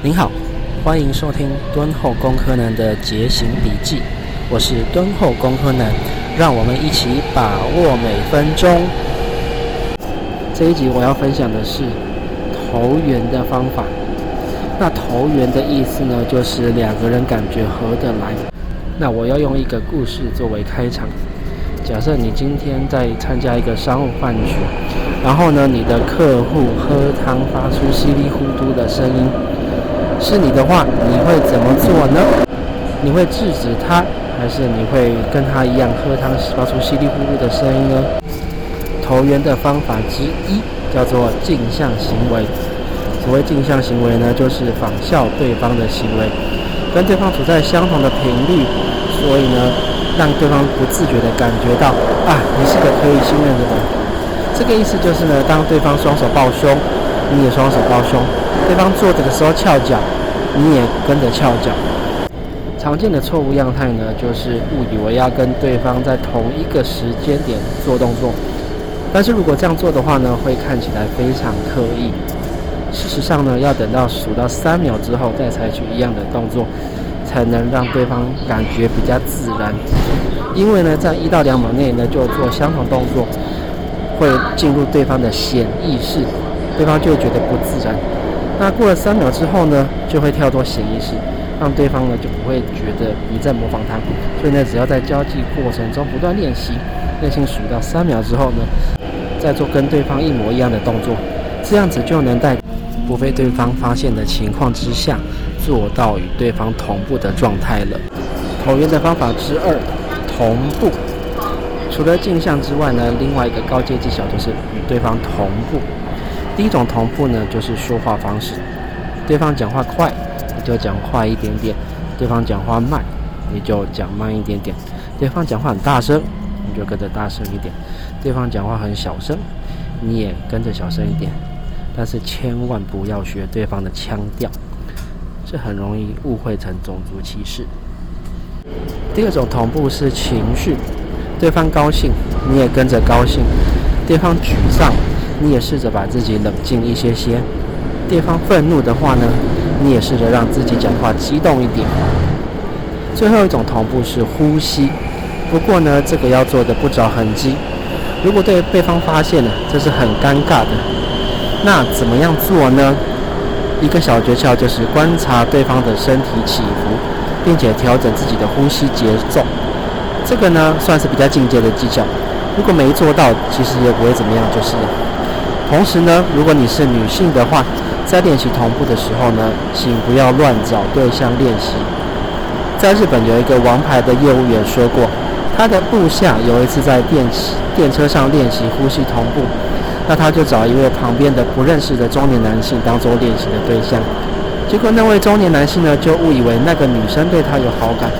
您好，歡迎收聽敦厚工科男的節行筆記，我是敦厚工科男，讓我們一起把握每分鐘。這一集我要分享的是投緣的方法。那投緣的意思呢，就是兩個人感覺合得來。那我要用一個故事作為開場。假設你今天在參加一個商務飯局，然後呢，你的客戶喝湯發出稀里糊塗的聲音。是你的話，你會怎麼做呢？你會制止他，還是你會跟他一樣喝湯時發出稀里呼嚕的聲音呢？投緣的方法之一叫做鏡像行為。所謂鏡像行為呢，就是仿效對方的行為，跟對方處在相同的頻率，所以呢，讓對方不自覺地感覺到，啊，你是個可以信任的人。這個意思就是呢，當對方雙手抱胸，你也雙手抱胸。對方坐着的時候翹腳，你也跟着翹腳。常見的錯誤樣態呢，就是誤以為要跟對方在同一個時間點做動作。但是如果這樣做的話呢，會看起來非常刻意。事實上呢，要等到數到三秒之後再採取一樣的動作，才能讓對方感覺比較自然。因為呢，在一到兩秒內呢，就做相同動作，會進入對方的顯意識，對方就覺得不自然。那過了三秒之後呢，就會跳到潛意識，讓對方呢，就不會覺得你在模仿他。所以呢，只要在交際過程中不斷練習，耐心數到三秒之後呢，再做跟對方一模一樣的動作，這樣子就能在不被對方發現的情況之下，做到與對方同步的狀態了。投緣的方法之二，同步。除了鏡像之外呢，另外一個高階技巧就是與對方同步。第一種同步呢，就是說話方式，對方講話快，你就講快一點點；對方講話慢，你就講慢一點點；對方講話很大聲，你就跟着大聲一點；對方講話很小聲，你也跟着小聲一點。但是千萬不要學對方的腔調，這很容易誤會成種族歧視。第二種同步是情緒，對方高興，你也跟着高興；對方沮喪。你也試着把自己冷靜一些些，對方憤怒的話呢，你也試着讓自己講話激動一點。最後一種同步是呼吸，不過呢，這個要做得不着痕迹。如果被對方發現了，這是很尷尬的。那怎麼樣做呢？一個小訣竅就是觀察對方的身體起伏，並且調整自己的呼吸節奏。這個呢，算是比較進階的技巧。如果沒做到，其實也不會怎麼樣，就是。同時呢，如果你是女性的話，在練習同步的時候呢，請不要亂找對象練習。在日本有一個王牌的業務員說過，他的部下有一次在電池電車上練習呼吸同步，那他就找一位旁邊的不認識的中年男性當做練習的對象，結果那位中年男性呢就誤以為那個女生對他有好感，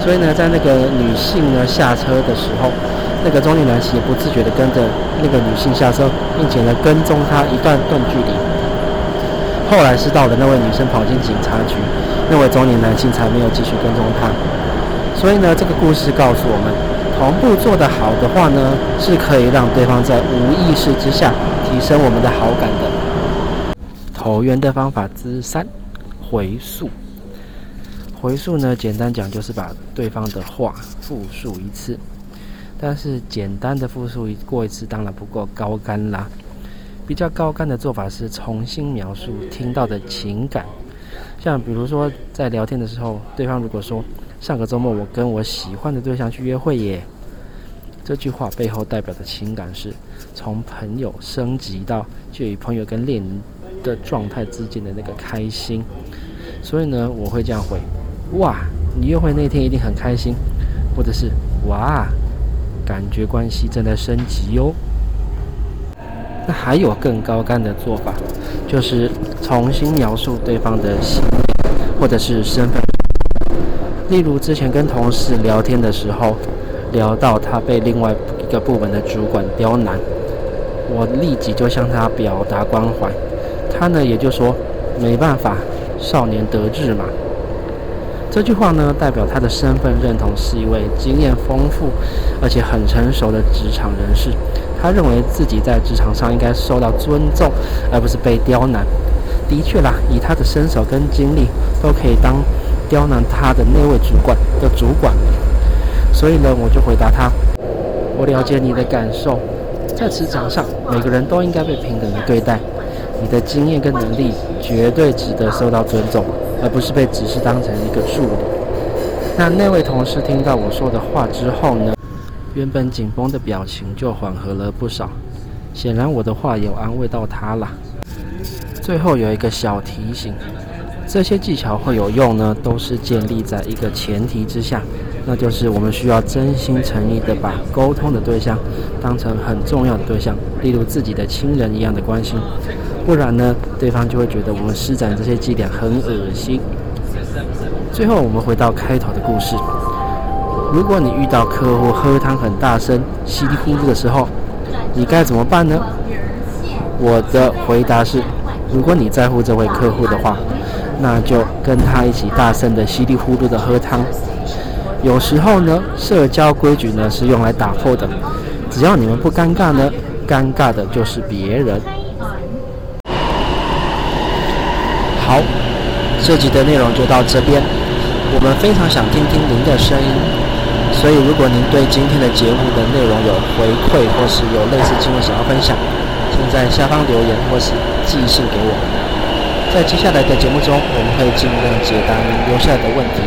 所以呢，在那個女性呢下車的時候，那個中年男性也不自覺地跟着那個女性下車，並且呢跟蹤她一段段距離。後來是到了那位女生跑進警察局，那位中年男性才沒有繼續跟蹤她。所以呢，這個故事告訴我們，同步做得好的話呢，是可以讓對方在無意識之下提升我們的好感的。投緣的方法之三，回溯。回溯呢，簡單講就是把對方的話複述一次。但是簡單的複述過一次當然不夠高竿啦，比較高竿的做法是重新描述聽到的情感，像比如說在聊天的時候，對方如果說，上個周末我跟我喜歡的對象去約會耶，這句話背後代表的情感是從朋友升級到介於朋友跟戀人的狀態之間的那個開心，所以呢，我會這樣回：哇，你約會那天一定很開心，或者是哇。感覺關係正在升級喲、哦。那還有更高竿的做法，就是重新描述對方的信念或者是身份。例如，之前跟同事聊天的時候，聊到他被另外一個部門的主管刁難，我立即就向他表達關懷。他呢也就說沒辦法，少年得志嘛。這句話呢，代表他的身份認同是一位經驗豐富，而且很成熟的職場人士。他認為自己在職場上應該受到尊重，而不是被刁難。的確啦，以他的身手跟經歷，都可以當刁難他的那位主管的主管。所以呢，我就回答他：我了解你的感受，在職場上，每個人都應該被平等地對待。你的經驗跟能力絕對值得受到尊重。而不是被只是當成一個助理。那那位同事聽到我說的話之後呢，原本緊繃的表情就緩和了不少，顯然我的話有安慰到他啦。最後有一個小提醒，這些技巧會有用呢，都是建立在一個前提之下，那就是我們需要真心誠意地把溝通的對象當成很重要的對象，例如自己的親人一樣的關心。不然呢，對方就會覺得我們施展這些伎倆很噁心。最後，我們回到開頭的故事：如果你遇到客戶喝湯很大聲、稀里糊塗的時候，你該怎麼辦呢？我的回答是：如果你在乎這位客戶的話，那就跟他一起大聲的、稀里糊塗的喝湯。有時候呢，社交規矩呢是用來打破的，只要你們不尷尬呢，尷尬的就是別人。好，這集的內容就到這邊。我們非常想聽聽您的聲音，所以如果您對今天的節目的內容有回饋，或是有類似經歷想要分享，請在下方留言或是寄信給我。在接下來的節目中，我們會盡量解答您留下來的問題。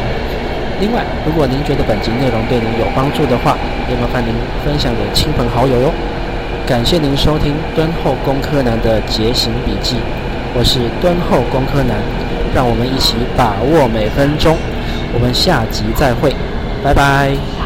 另外，如果您覺得本集內容對您有幫助的話，也麻煩您分享給親朋好友喲。感謝您收聽敦厚工科男的節行筆記。我是敦厚工科男，讓我們一起把握每分鐘，我們下集再會，拜拜。